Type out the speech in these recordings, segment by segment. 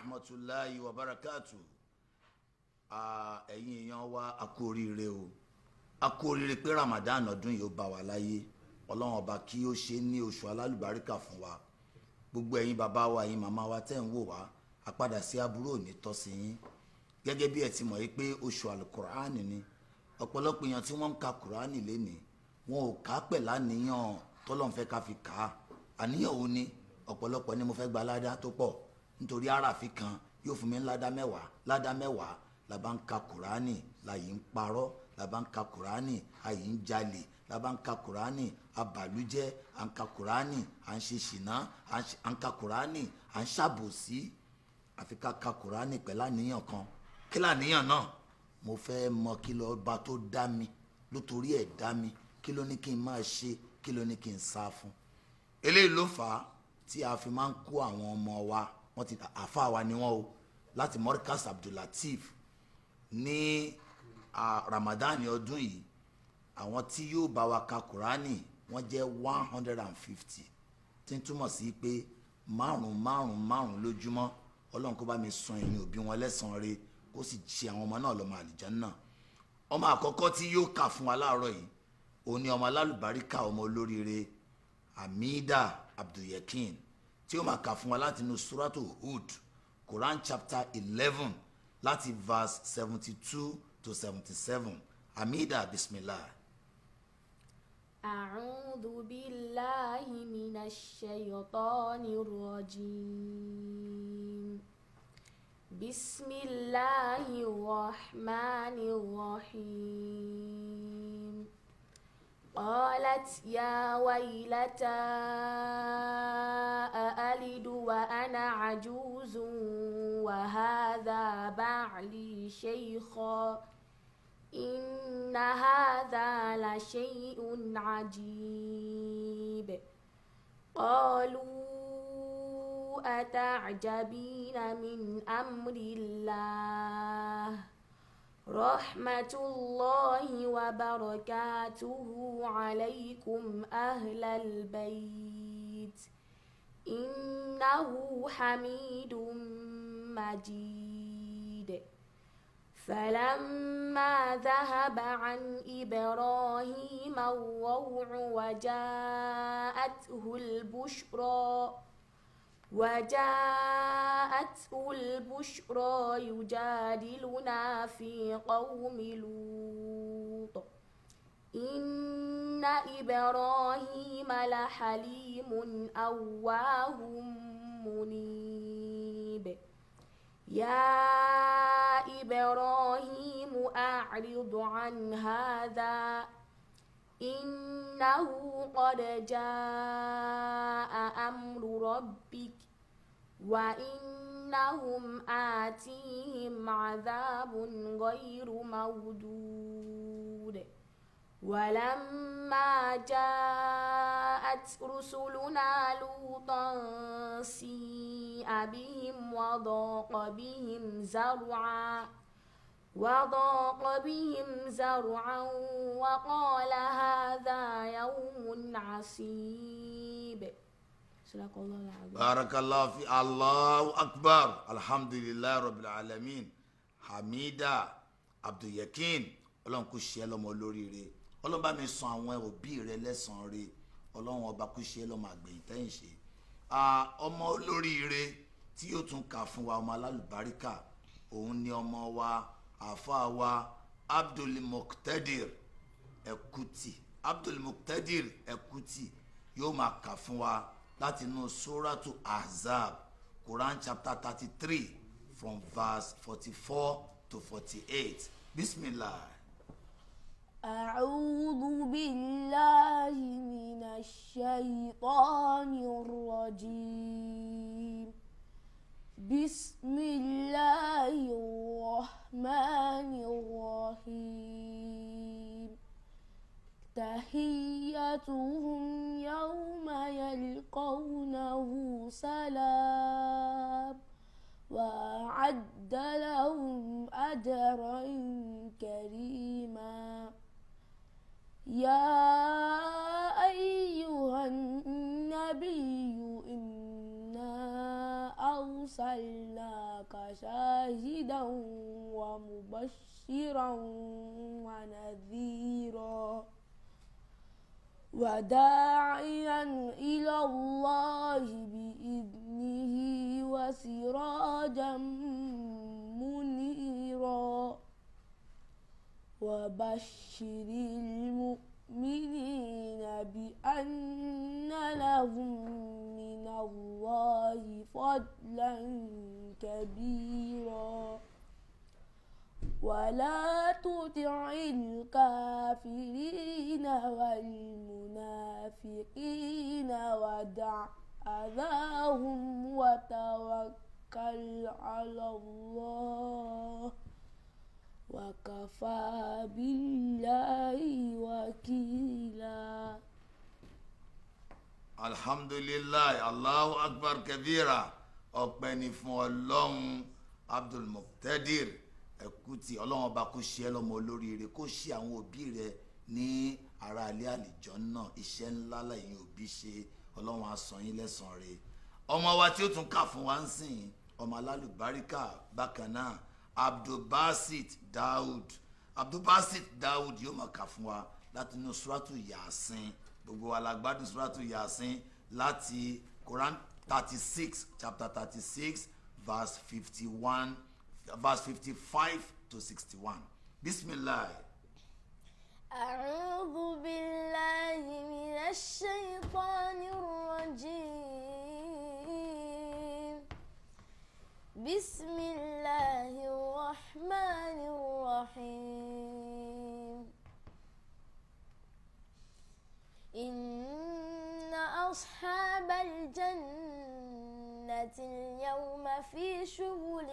rahmatulahi wa barakatu ẹ̀yin èèyàn wa a kú oríire o a kú oríire pé ramadan ọdún yìí ó bá wa láyé ọlọ́run ọba kí ó ṣe ní oṣù alálùbáríkà fún wa gbogbo ẹ̀yin bàbá wa ẹ̀yin màmá wa tẹ́ ń wò wá àpadà sí aburú òní tọ́ sí yín gẹ́gẹ́ bí ẹ ti mọ̀ pé oṣù alukur'ani ni ọ̀pọ̀lọpọ̀ èèyàn tí wọ́n ń ka kur'ani lénìí wọn ò kà á pẹ̀ láníyàn tọ́lọ́run ká fi kà á àníyàn òun ni ọ̀pọ̀lọpọ̀ ni mo fẹ́ gba aládá tó pọ̀ nítorí àràfi kan yóò fún mi ládá mẹ́wàá ládá mẹ́wàá la bá ń ka kùránì la yìí ń parọ́ la bá ń ka kùránì a yìí ń jalè la bá ń ka kùránì a bàlújẹ́ à ń ka kùránì à ń ṣe ṣìnà à ń ka kùránì à ń ṣàbòsí àfi ká ka kùránì pẹ̀lú àníyàn kan kí làníyàn náà mo fẹ́ mọ kí ló bá tó dá mi ló torí ẹ̀ dá mi kí ló ní kí n máa ṣe kí ló ní kí n sá fún eléyìí ló fà á tí a fi máa ń kó àwọn ọmọ wa wọ́n ti àfa wa ni wọ́n o láti Morkas Abdulateef ní Ramadan ọdún yìí àwọn tí yóò bá wa ka Kùránì wọ́n jẹ́ one hundred and fifty tí ń túmọ̀ sí pé márùn márùn márùn lójúmọ́ Ọlọ́run kó bá mi san ẹ̀yìn òbí wọn lẹ́sàn-án re kó sì ṣe àwọn ọmọ náà lọ́mọ àlìjánnà ọmọ àkọ́kọ́ tí yóò kà fún wa láàárọ̀ yìí òun ni ọmọ alálùbáríkà ọmọ olóríire Hamida Abdulyakin tí ó máa kà fún wa láti inú suratu Hud Quran chapter eleven láti verse seventy two to seventy seven amida bismillah. أعوذ بالله من الشيطان الرجيم بسم الله الرحمن الرحيم قالت يا ويلتى أألد وأنا عجوز وهذا بعلي شيخا إن هذا لشيء عجيب قالوا أتعجبين من أمر الله رحمة الله وبركاته عليكم أهل البيت إنه حميد مجيد فلما ذهب عن إبراهيم الروع وجاءته البشرى وجاءته البشرى يجادلنا في قوم لوط إن إبراهيم لحليم أواه منيب يا إبراهيم أعرض عن هذا إنه قد جاء أمر ربك وإنهم آتيهم عذاب غير مودود ولما جاءت رسلنا لوطا سيء بهم وضاق بهم زرعاً وضاق بهم زرعا وقال هذا يوم عصيب صدق الله العظيم بارك الله في الله أكبر الحمد لله رب العالمين حميدة عبد اليقين ọlọ́run kò ṣe ẹ́ lọ́mọ olóríire ọlọ́run bá mi san àwọn òbí rẹ lẹ́sàn-án rẹ ọlọ́run ọba kò ṣe ẹ́ lọ́mọ àgbẹ̀yìn ṣe ọmọ olóríire tí yóò tún kà fún wa ọmọ alálùbáríkà òun ni ọmọ wa àfa wa abdulmuktadir ekuti abdulmuktadir ekuti yóò máa kà fún wa láti inú suratu ahzab quran chapter thirty three from verse forty four to forty eight bismillah. أعوذ بالله من الشيطان الرجيم بسم الله الرحمن الرحيم تحيتهم يوم يلقونه سلام وأعد لهم أجرا كريما يا أرسلناك شاهدا ومبشرا ونذيرا وداعيا إلى الله بإذنه وسراجا منيرا وبشر المؤمنين المؤمنين بأن لهم من الله فضلا كبيرا ولا تطع الكافرين والمنافقين ودع أذاهم وتوكل على الله وكفى بالله وكيلا الحمد لله الله أكبر كبيرا fún Ọlọ́run Abdul Muqtadir ẹkú tí Ọlọ́run ọba kò ṣe ẹ́ lọ́mọ olóríire kò ṣe àwọn òbí rẹ ní ara ilé àlìjọ náà iṣẹ́ ńlá lẹ́yìn òbí ṣe Ọlọ́run á san yín lẹ́san ọmọ wa tí ó tún kà fún wa ń sìn ọmọ alálùbáríkà bákan náà abdulbasit daoud abdulbasit daoud yóò máa kà fún wa láti inú suratu yasin gbogbo wa la suratu yasin láti quran thirty six chapter thirty six verse fifty one verse fifty five to sixty one Bismillah. أعوذ بالله من الشيطان الرجيم بسم الله الرحمن الرحيم إن أصحاب الجنة اليوم في شغل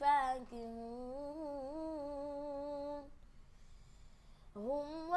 فاكهون هم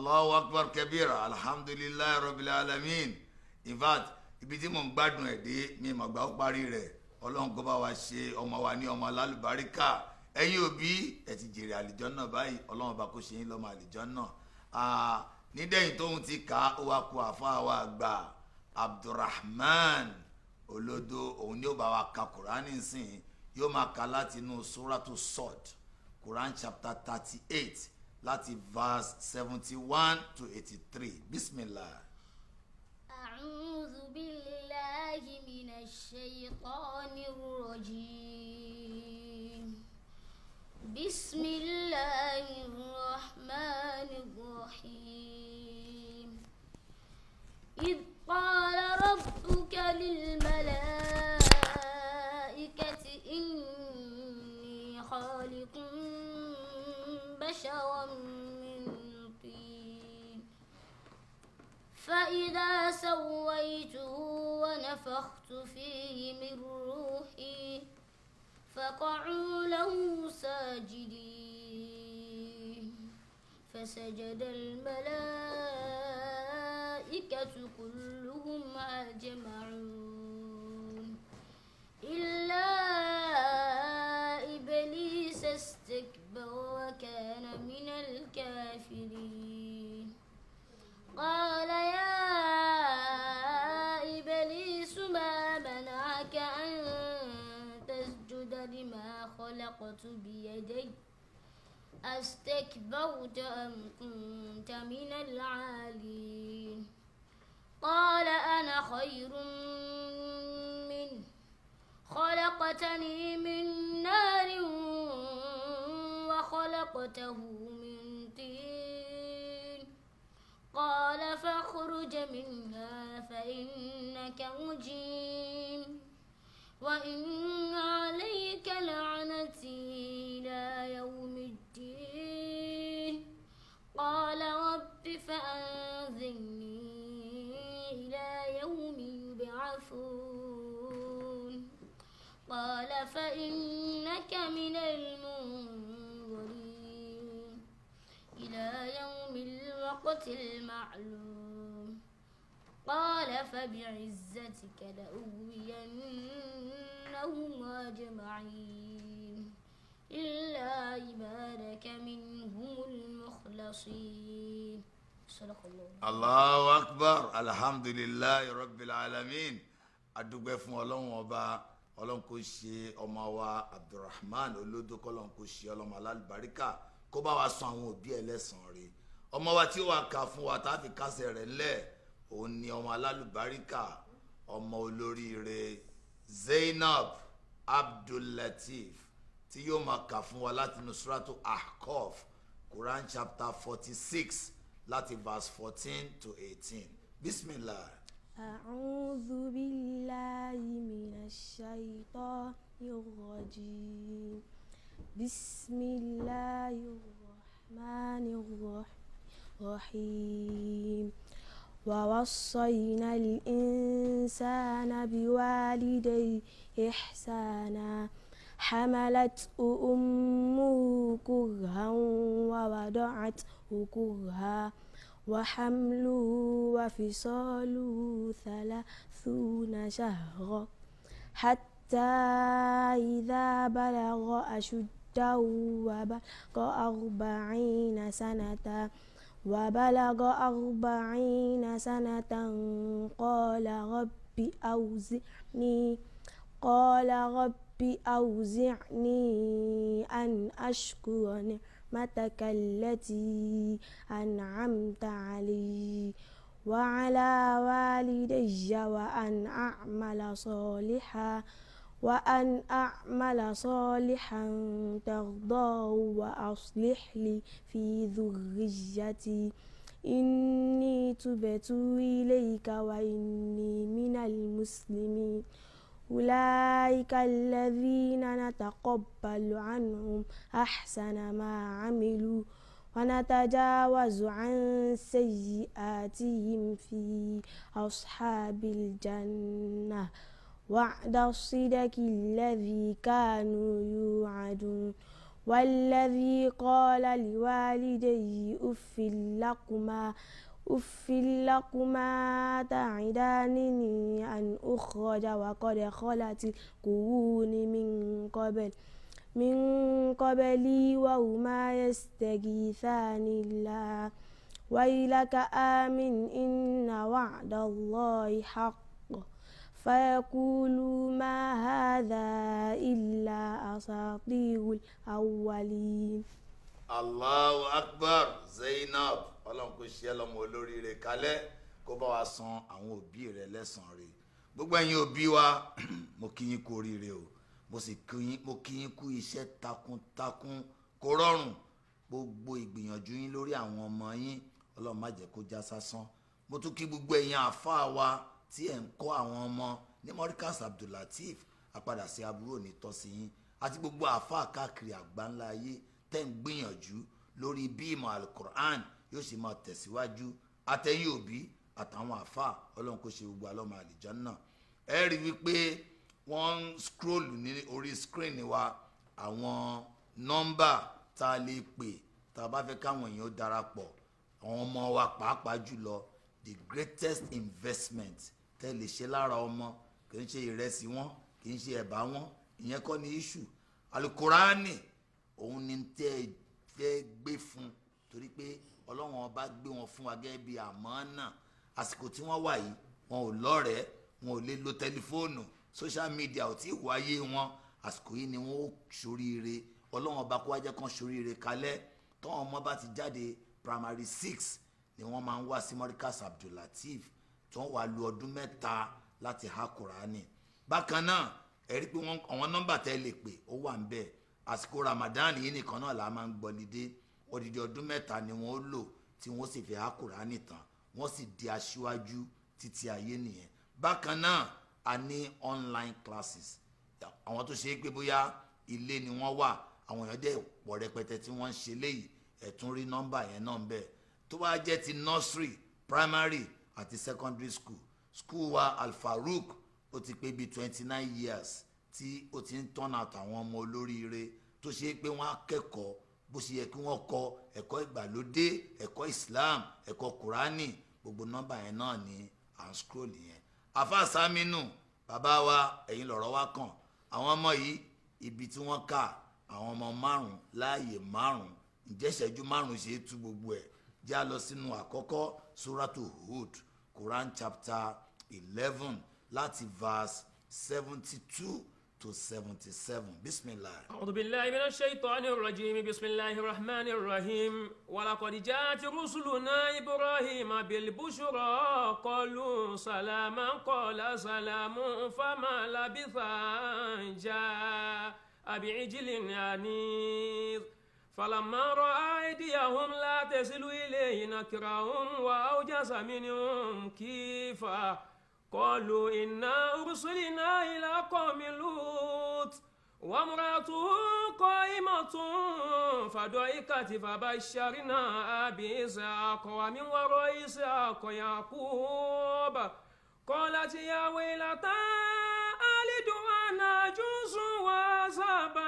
allahu akbar kabira alhamdulilayi rabbil alamin in fact ibi tí mò ń gbádùn ẹ̀ dé mi mà gbà ó parí rẹ̀ ọlọ́run kó bá wa ṣe ọmọ wa ní ọmọ alálùbáríkà ẹ̀yin òbí ẹ̀ ti jèrè àlìjọ́ náà báyìí ọlọ́run bá kó ṣe yín lọ́mọ àlìjọ́ náà nídẹ̀yìn tóun ti kà ó wa kó àfáà wa gbà abdulrahman olodo òun ni ó bá wa ka kuraani sìn yóò máa kà láti inú suratu sod quran chapter thirty eight láti verse seventy one to eighty three bismillah. أعوذ بالله من الشيطان الرجيم بسم الله الرحمن الرحيم إذ قال ربك للملائكة إني خالق بشرا من طين فإذا سويته ونفخت فيه من روحي فقعوا له ساجدين فسجد الملائكة كلهم أجمعون إلا كان من الكافرين قال يا إبليس ما منعك أن تسجد لما خلقت بيدي أستكبرت أم كنت من العالين قال أنا خير منه خلقتني من خلقته من طين قال فاخرج منها فإنك مجيم وإن الوقت المعلوم قال فبعزتك لأغوينهم أجمعين إلا عبادك منهم المخلصين صدق الله الله أكبر الحمد لله رب العالمين adúgbẹ́ fún ọlọ́run ọba ọlọ́run kò ṣe ọmọ wa abdulrahman olódó kọ́lọ́run kò ṣe ọlọ́mọ alálùbáríkà kó bá wa san àwọn òbí ẹlẹ́sàn rẹ̀ ọmọ wa tí ó wà kà fún wa tá a fi kásẹ̀ rẹ̀ lẹ̀ òun ni ọmọ alálùbáríkà ọmọ olóríire Zainab Abdullateef tí yóò máa kà fún wa láti nusratu Ahqaf Quran chapter forty six láti verse fourteen to eighteen bismillah. أعوذ بالله من الشيطان الرجيم بسم الله الرحمن الرحيم ووصينا الإنسان بوالديه إحسانا حملته أمه كرها ووضعته كرها وحمله وفصاله ثلاثون شهرا حتى إذا بلغ أشده وبلغ أربعين سنة وبلغ أربعين سنة قال رب أوزعني قال رب أوزعني أن أشكر نعمتك التي أنعمت علي وعلى والدي وأن أعمل صالحا وأن أعمل صالحا ترضاه وأصلح لي في ذريتي إني تبت إليك وإني من المسلمين أولئك الذين نتقبل عنهم أحسن ما عملوا ونتجاوز عن سيئاتهم في أصحاب الجنة وعد الصدق الذي كانوا يوعدون والذي قال لوالدي أف لكما أف لكما تعدانني أن أخرج وقد خلت القرون من قبل من قبلي وهما يستغيثان الله ويلك آمن إن وعد الله حق فيقولوا ما هذا إلا أساطير الأولين Allahu Akbar Zainab Ọlọ́run kò ṣe ẹ́ olóríire kalẹ̀ kó bá wa san àwọn òbí rẹ lẹ́san rẹ̀ gbogbo ẹ̀yin òbí wa mo kí yín kú oríire o mo sì kí yín kú iṣẹ́ takuntakun kò rọrùn gbogbo ìgbìyànjú yín lórí àwọn ọmọ yín Ọlọ́run má jẹ́ kó já sásán mo tún kí gbogbo ẹ̀yin àáfàá wa tí ẹ̀ ń kọ́ àwọn ọmọ ní morikas abdullateef apadà sí aburú òní tọ́ sí yín àti gbogbo àáfàá káàkiri àgbáńlá ayé tẹ́ ń gbìyànjú lórí bí ìmọ̀ alukur'an yóò sì máa tẹ̀síwájú àtẹ̀yìn òbí àtàwọn àáfàá ọlọ́run kò ṣe gbogbo alọ́mọ àlìjánná ẹ rí i wípé wọ́n ń skróòlù ní orí screen wa àwọn nọ́mbà tá a lè pè tá a bá fẹ́ káwọn èèyàn darapọ̀ àwọn ọmọ wa pàápàá jùlọ the greatest investment tẹ́ lè ṣe lára ọmọ kì í ṣe ìrẹsì wọn kì í ṣe ẹ̀bà wọn ìyẹn kọ́ ni iṣu alukurani òun ni tẹ́ ẹ fẹ́ gbé fún torí pé ọlọ́run ọba gbé wọn fún wa gẹ́gẹ́ bí àmọ́ náà àsìkò tí wọ́n wà yìí wọn ò lọ́rẹ̀ẹ́ wọn ò lè lo tẹlifóònù social media ò tí ì wáyé wọn àsìkò yìí ni wọn ó ṣoríire ọlọ́run ọba kó wá jẹ́ kán ṣoríire kalẹ̀ tọ́wọ́n ọmọ bá ti jáde primary six ni wọ́n máa ń wá sí Morikaz Abdulateef tí wọ́n wá lu ọdún mẹ́ta láti há kùránì bákan náà ẹ rí i pé àwọn nọ́mbà tẹ́ lè pè ó wà ń bẹ̀ àsìkò Ramadan yìí nìkan náà la máa ń gbọ́lidé odidi ọdún mẹ́ta ni wọ́n lò tí wọ́n sì fi há kùránì tán wọ́n sì di aṣíwájú títí ayé nìyẹn bákan náà a ní online classes àwọn tó ṣe é pé bóyá ilé ni wọ́n wà àwọn èèyàn dẹ̀ pọ̀ rẹpẹtẹ tí wọ́n ń ṣe léyìí ẹ tún rí nọ́mbà yẹn náà ń bẹ̀ tó bá jẹ́ ti nursery primary àti secondary school school wa alfarouk ó ti pé bíi twenty nine years tí ó ti ń turn out àwọn ọmọ olóríire tó ṣe é pé wọ́n á kẹ́kọ̀ọ́ bó ṣe yẹ kí wọ́n kọ ẹ̀kọ́ ìgbàlódé ẹ̀kọ́ islam ẹ̀kọ́ kùránì gbogbo nọ́mbà yẹn náà ni à ń scroll yẹn afa saminu bàbá wa ẹ̀yin lọ̀rọ̀ wa kàn àwọn ọmọ yìí ibi tí wọ́n kà àwọn ọmọ márùn-ún láàyè márùn-ún ǹjẹ́ márùn-ún ṣe é tú gbogbo ẹ̀ jẹ́ a lọ sínú àkọ́kọ́ suratu hud quran chapter eleven láti verse seventy two to seventy seven bisimilahi. a'udhu billahi minash shaitanir rajim bisimilahi rahmanir rahim walaqad ja'at rusuluna ibrahima bilbushra qalu salama qala salamun fama labitha an ja'a bi'ijlin anir. فلما رأى أيديهم لا تصل إليه نكرهم وأوجس منهم كيفا قالوا إنا أرسلنا إلى قوم لوط وامرأته قائمة فضحكت فبشرناها بإسحاق ومن وراء إسحاق يعقوب قالت يا ويلتى ألد وأنا جوز وأصاب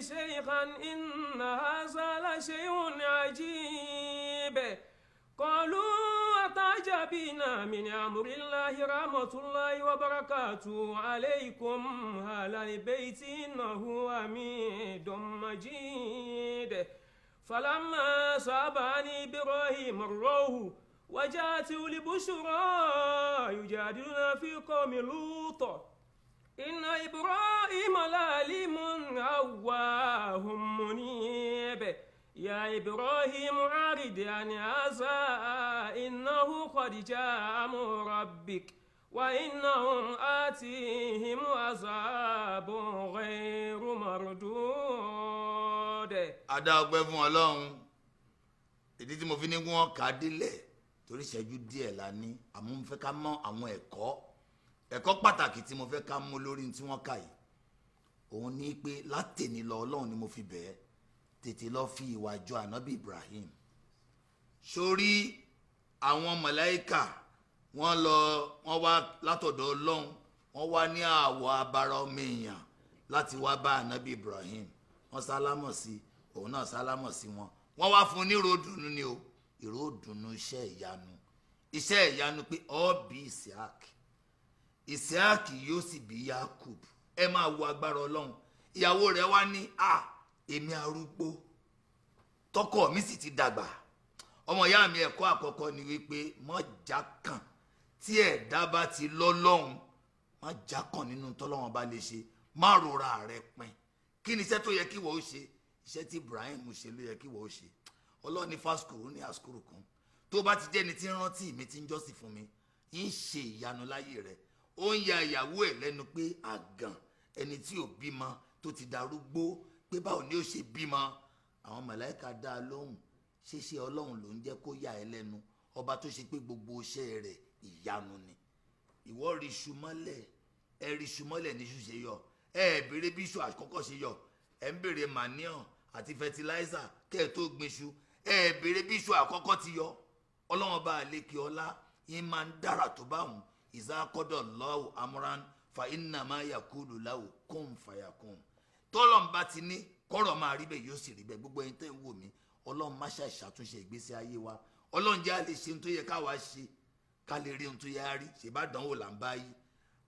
شيخا إنها شيء عجيب قالوا أتعجبين من أمر الله رحمة الله وبركاته عليكم أهل البيت إنه حميد مجيد فلما صابني إبراهيم الروح وجاءته البشرى يجادلنا في قوم لوط إن إبراهيم لعليم أواه منيب يا إبراهيم أعرض أن هذا إنه قد جاء ربك وإنهم آتيهم عذاب غير مردود. adá ọgbẹ́ fún ọlọ́run ìdí tí mo fi ní wọn kà á délẹ̀ torí ìṣẹ́jú díẹ̀ la ní àmọ́ mo fẹ́ ká mọ àwọn ẹ̀kọ́ ẹ̀kọ́ pàtàkì tí mo fẹ́ ká mú lórí tí tètè lọ fi ìwà jọ ànábì Ibrahim sórí àwọn màláíkà wọ́n lọ wọ́n wá látọ̀dọ̀ Ọlọ́run wọ́n wá ní àwọ̀ abara ọmọ èèyàn láti wá bá ànábì Ibrahim wọ́n sálámọ̀ sí òun náà sálámọ̀ sí wọn wọ́n wá fún un ní ìró ni o ìró ìdùnnú iṣẹ́ ìyanu iṣẹ́ ìyanu pé ọ́ Isiaq Isiaq yóò sì bí Yakub ẹ máa wo agbára Ọlọ́run ìyàwó rẹ̀ wá ní a. Ah, èmi arúgbó tọkọ mi sì ti dàgbà ọmọ ìyá mi ẹ̀kọ́ àkọ́kọ́ ni wípé mọ́jà kàn tí ẹ̀dá bá ti lọ́lọ́run mọ́jà kàn nínú tọ́lọ́run bá lè ṣe má rora rẹ pin kí ni iṣẹ́ tó yẹ kí wọ́n ó ṣe iṣẹ́ tí Ibrahim ṣe ló yẹ kí wọ́n ó ṣe ọlọ́ni fásikùrù ní àsìkò kan tó bá ti jẹ́ni tí ń rántí mi ti ń jọ́sìn fún mi ń ṣe ìyanu láyé rẹ̀ ó ń ya ìyàwó ẹ̀ lẹ́nu pé àgàn ẹni tí ò bímọ tó ti darúgbó pé báwo ni ó ṣe bímọ àwọn màláìka dá a lóhùn ṣíṣe ọlọ́run ló ń jẹ́ kó yà ẹ́ lẹ́nu ọba tó ṣe pé gbogbo iṣẹ́ rẹ̀ ìyanu ni ìwọ rí iṣu mọ́lẹ̀ ẹ rí iṣu mọ́lẹ̀ níṣu ṣe yọ ẹ béèrè bí iṣu àkọ́kọ́ ṣe yọ ẹ ń béèrè manure àti fertilizer kẹ́ ẹ tó gbinṣu ẹ béèrè bí iṣu àkọ́kọ́ ti yọ ọlọ́run bá àlékè ọlá yín máa ń dára tó bá wù ìzákọ́dọ̀ lọ́wọ́ amúran fa iná máa yà kúlù láwù kún fàyà kún tọ́lọ́n bá ti ní kọ́rọ̀ máa rí bẹ́ẹ̀ yóò sì rí bẹ́ẹ̀ gbogbo ẹni tẹ́ ń wò mí ọlọ́run má ṣàì ṣàtúnṣe ìgbésí ayé wa ọlọ́run jẹ́ a lè ṣe ohun tó yẹ káwa ṣe ká lè rí ohun tó yẹ á rí ṣèbá dánwò là ń bá yí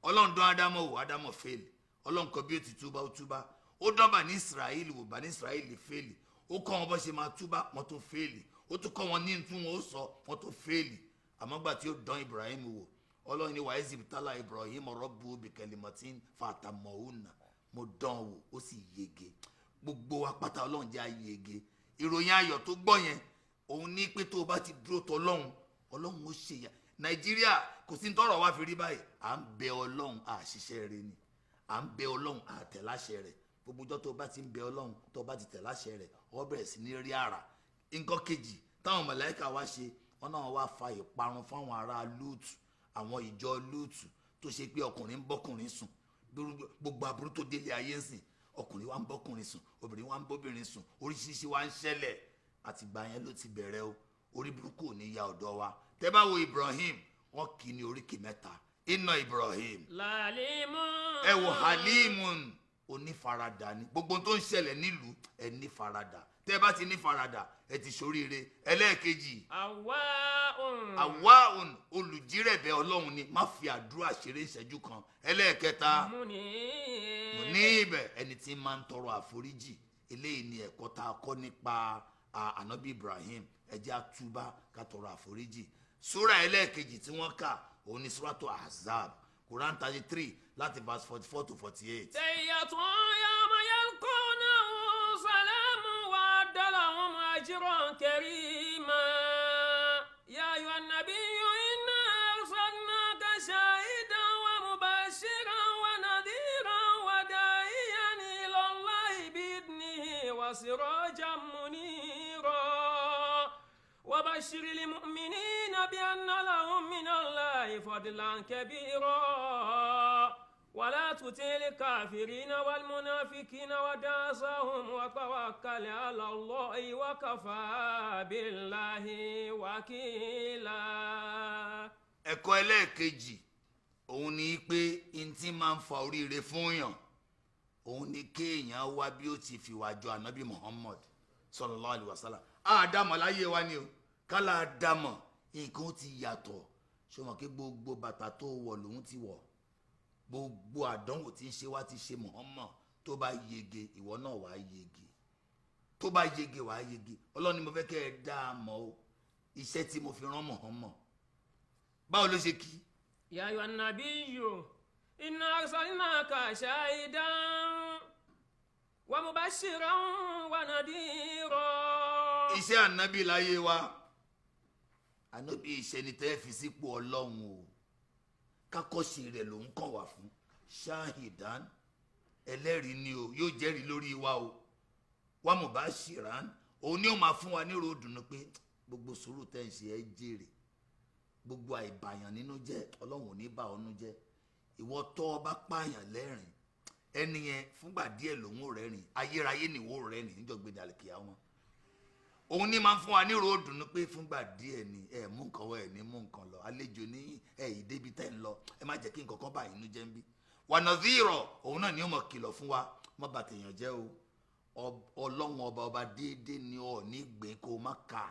ọlọ́run dán ádámọ̀ wò ádámọ̀ fèlè ọlọ́run kọ bí ó ti túbá ó túbá ó dán bà ní israẹli wò bà ní israẹli fèlè ó kọ́ wọn bó ṣe máa túbá wọn tó fèlè ó tún kọ́ wọn ní tí wọn ó sọ wọn tó fèlè àmọ́ gbà tí ó dán ibrahim wò ọlọ́run ní wàá ezibitala ibrahim rabbu bikalimatin fatamohunna mo dán wò ó sì yege gbogbo apáta ọlọ́run jẹ́ ayege ìròyìn ayọ̀ tó gbọ́ yẹn òun ní pé tó o bá ti dúró tọ́ ọlọ́run ọlọ́run ó ṣe yà nàìjíríà kò sí tọrọ wá fi rí báyìí à ń bẹ ọlọ́run àṣìṣe rẹ ni à ń bẹ ọlọ́run àtẹ̀láṣẹ rẹ gbogbo ọjọ́ tó o bá ti ń bẹ ọlọ́run tó o bá ti tẹ̀láṣẹ rẹ ọ bẹ̀rẹ̀ sí ní rí àrà nǹkan kejì táwọn mọ̀lẹ́kà wá ṣe wọn náà wá fa ìparun fáwọn ará lúùtù àwọn ìjọ lúùtù tó ṣe pé ọkùnrin ń bọ́kùnrin sùn gbogbo aburú tó délé ayé ń sìn ọkùnrin wa ń bọ́kùnrin sùn obìnrin wa ń bóbìnrin sùn oríṣiríṣi wa ń ṣẹlẹ̀ àtìgbà yẹn ló ti bẹ̀rẹ̀ o orí burúkú ò ní ya ọ̀dọ́ wa tẹ́ bá wo Ibrahim wọn kì í ní oríkì mẹ́ta iná Ibrahim ẹ wò halimun onífaradà ni gbogbo tó ń ṣẹlẹ̀ nílùú ẹ nífaradà tẹ́ bá ti ní faradà ẹ ti ṣoríire ẹlẹ́ẹ̀kejì. àwa òun. àwa òun olùjírẹ̀bẹ̀ ọlọ́run ni má fi àdúrà ṣeré ìṣẹ́jú kan ẹlẹ́ẹ̀kẹta. mo ní. mo ní ibẹ̀ ẹni tí máa ń tọrọ àforíjì eléyìí ni ẹ̀kọ́ tá a kọ́ nípa anabi ibrahim ẹjẹ́ àtúbà ká tọrọ àforíjì súrà ẹlẹ́ẹ̀kejì tí wọ́n kà òun ni súrà tó quran thirty three láti verse forty four to forty eight. ṣèyàtọ̀ yàmọ̀ yẹn kọ́ náà. أجرا كريما يا أيها النبي إنا أرسلناك شاهدا ومبشرا ونذيرا وداعيا إلى الله بإذنه وسراجا منيرا وبشر المؤمنين بأن لهم من الله فضلا كبيرا ولا تطع الكافرين والمنافقين وداس ربهم وتوكل على الله وكفى بالله وكيلا. ẹ̀kọ́ ẹlẹ́ẹ̀kejì òun ni pé n ti máa ń fa oríire fún yàn òun ni kéèyàn wá bí ó ti fìwà jọ ànábì Muhammad sallallahu alaihi wasallam àdàmọ̀ láyé wa ni o kálá àdàmọ̀ nǹkan ti yàtọ̀ ṣé wọn kí gbogbo bàtà tó wọ̀ lòun ti wọ̀ gbogbo àdánwò tí ń ṣe wá ti ṣe Muhammad tó bá yege ìwọ náà wàá yege tó bá yege wàá yege ọlọ́run ni mo fẹ́ kẹ́ ẹ dá a mọ̀ o iṣẹ́ tí mo fi rán mọ̀. báwo ló ṣe kí. yàyọ̀ nàbí yò iná arsalnaka shahidan wa wà wa rọ. iṣẹ́ ànábì láyé wa ànábì ìṣẹ́ni tẹ́ fi sípò ọlọ́run o kákọ́ṣe rẹ̀ ló ń kọ̀ wá fún shahidan ẹlẹ́rìí ni o yóò jẹ́rìí lórí wa o wa mubashiran òun ni ó máa fún wa ní ròdùnú pé gbogbo sùúrù tẹ̀sí ẹ jèrè gbogbo àìbàyàn nínú jẹ́ ọlọ́run ò ní jẹ́ ìwọ tọ́ ọ bá pààyàn lẹ́rìn ẹni yẹn fúngbà díẹ̀ lòun ò rẹ́rìn ayérayé rẹ́rìn wa ní ròdùnú pé fúngbà díẹ̀ ni ẹ mú nǹkan wọ ẹ ní mú nǹkan wànàzírọ̀ òun náà ni ó mọ̀ kìlọ̀ fún wa má bà jẹ́ o ọlọ́run ọba ọba déédéé ni ọ̀ nígbè kó má kà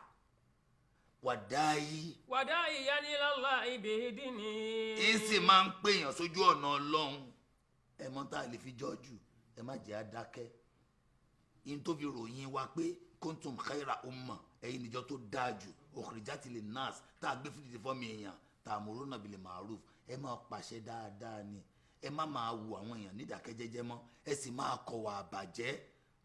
wàdáyé. wàdáyé yanni lọ́la ibi dín ní. ń sì máa ń pèèyàn sójú ọ̀nà ọlọ́run ẹ mọ tá a lè fi jọ́jú ẹ má jẹ́ àdákẹ́ yín tó fi ròyìn wa pé kóńtùm khaira umma ẹ̀yin níjọ tó dáa jù òkèrèjátì lè nas tá a gbé fún títí fọ́ọ̀mù èèyàn tààmúrò nàbìlì màrúf ẹ máa pàṣẹ dáadáa ni ẹ má máa wo àwọn èèyàn nídàkẹ́jẹ́jẹ́ mọ́ ẹ sì máa kọ̀ wà àbàjẹ́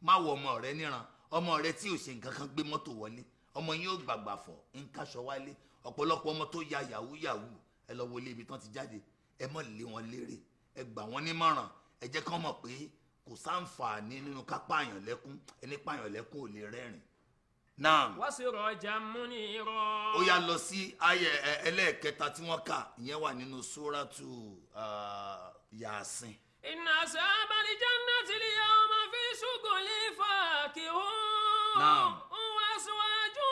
má wọ ọmọ rẹ níran ọmọ rẹ tí ò ṣe nǹkan kan gbé mọ́tò wọlé ọmọ yín ó gbàgbà fọ̀ ń káṣọ wálé ọ̀pọ̀lọpọ̀ ọmọ tó ya yahoo yahoo ẹ lọ wọlé ibi tán ti jáde ẹ mọ̀ lé wọn lérè ẹ gbà wọ́n nímọ̀ràn ẹ jẹ́ kán mọ̀ pé kò sáǹfààní nínú ká pààyàn lẹ́kún ẹni pààyàn lẹ́kún ò lè rẹ́rìn náà. wá sí rọjà múni irọ́. ó yá lọ sí ayẹ ẹlẹ́ẹ̀kẹta tí wọ́n kà ìyẹn wà nínú sóràtù. Uh, ah, yaasin. iná sábàlì jẹ́nà tìlí ọmọ fi ṣùgbọ́n lè fà kí ó wá síwájú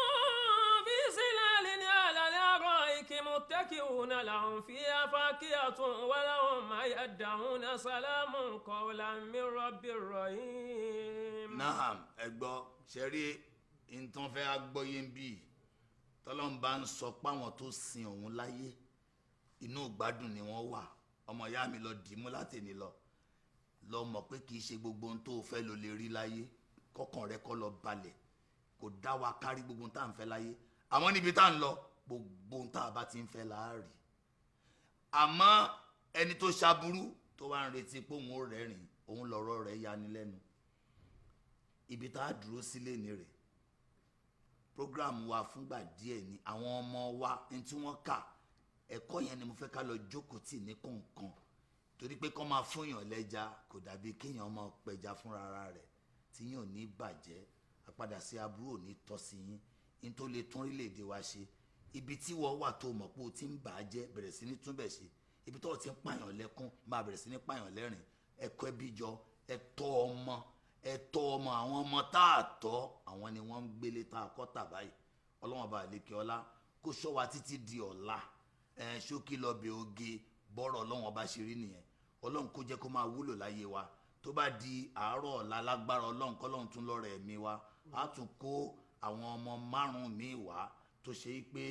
fi sílẹ̀ lẹ́ni àlàlẹ́ àrọ̀ ìkìmù tẹ́kìhùn làwọn fi afá kí àtún wà láwọn máa yẹ dàrún náà sálámù kọ́ọ̀lá mi rọ́bì rọ̀yìn. naham ẹ gbọ́ ṣẹ́rí nǹkan fẹ́ agbọ́yé ń tọ́lọ́mùbá ń sọ páwọn tó sin òun láyé inú ìgbádùn ni wọ́n wà ọmọ ìyá mi lọ dìímú láti ní lọ lọ mọ̀ pé kì í ṣe gbogbo ohun tó o fẹ́ lo lè rí láyé kọ́kàn rẹ kọ́ lọ balẹ̀ kò dá wa kárí gbogbo ohun tá à ń fẹ́ láyé àmọ́ níbi tá à ń lọ gbogbo ohun tá a bá ti ń fẹ́ láàárí àmọ́ ẹni tó ṣaburú tó wá ń retí pé òun ò rẹ́rìn òun lọ́rọ̀ rẹ̀ yani lẹ́nu ibi tá a dúró sílé ni rẹ̀ program wa fúngbà díẹ̀ ni àwọn ọmọ wa ní tí wọ́n kà ẹ̀kọ́ yẹn ni mo fẹ́ ká lọ jókòó tì ní kọ̀ọ̀kan torí pé kọ́ máa fún yàn lẹ́ja kò dàbí kéèyàn máa pẹja fúnra rẹ̀ tí yàn ní bàjẹ́ àpadà sí aburú ò ní tọ́ sí yín ní tó lè tún orílẹ̀-èdè wa ṣe ibi tí wọ́n wà tó mọ̀ pé o ti ń bà á jẹ́ bẹ̀rẹ̀ sí ní túnbẹ̀ ṣe ibi tó ti ń pààyàn lẹ́kún máa bẹ̀rẹ̀ sí ní pààyàn lẹ́rìn ẹ̀kọ́ ẹbí jọ ẹ̀tọ́ ọmọ ẹ̀tọ́ ọmọ àwọn ọmọ tá a tọ́ àwọn ni wọ́n ń gbélé tá a kọ́ tà báyìí ọlọ́wọ́n bá a lè kí ọlá kó ṣọ́ títí di ọ̀la ẹ ṣókí lọ́bẹ̀ oge bọ́rọ̀ ọlọ́run ọba ṣe rí nìyẹn ọlọ́run kó jẹ́ kó máa wúlò láyé wa tó bá di àárọ̀ ọ̀la lágbára ọlọ́run kọ́lọ́run tún lọ́rọ̀ ẹ̀mí wa á tún kó àwọn ọmọ márùn-ún míì wá tó ṣe é pé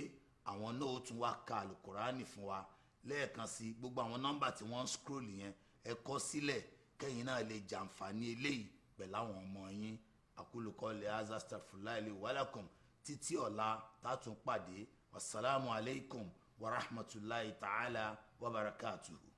àwọn náà ó tún wá ka àlùkùránì fún wa lẹ́ẹ̀kan sí gbogbo àwọn nọ́mbà tí wọ́n ń scroll yẹn ẹ kọ sílẹ̀ kẹ́yìn náà lè jàǹfààní eléyìí pẹ̀lú àwọn ọmọ yín àkúlùkọ́lẹ̀ azastafurulayi wàlákùn títí ọ̀la tá a tún pàdé wasalaamu aleykum ورحمة الله تعالى وبركاته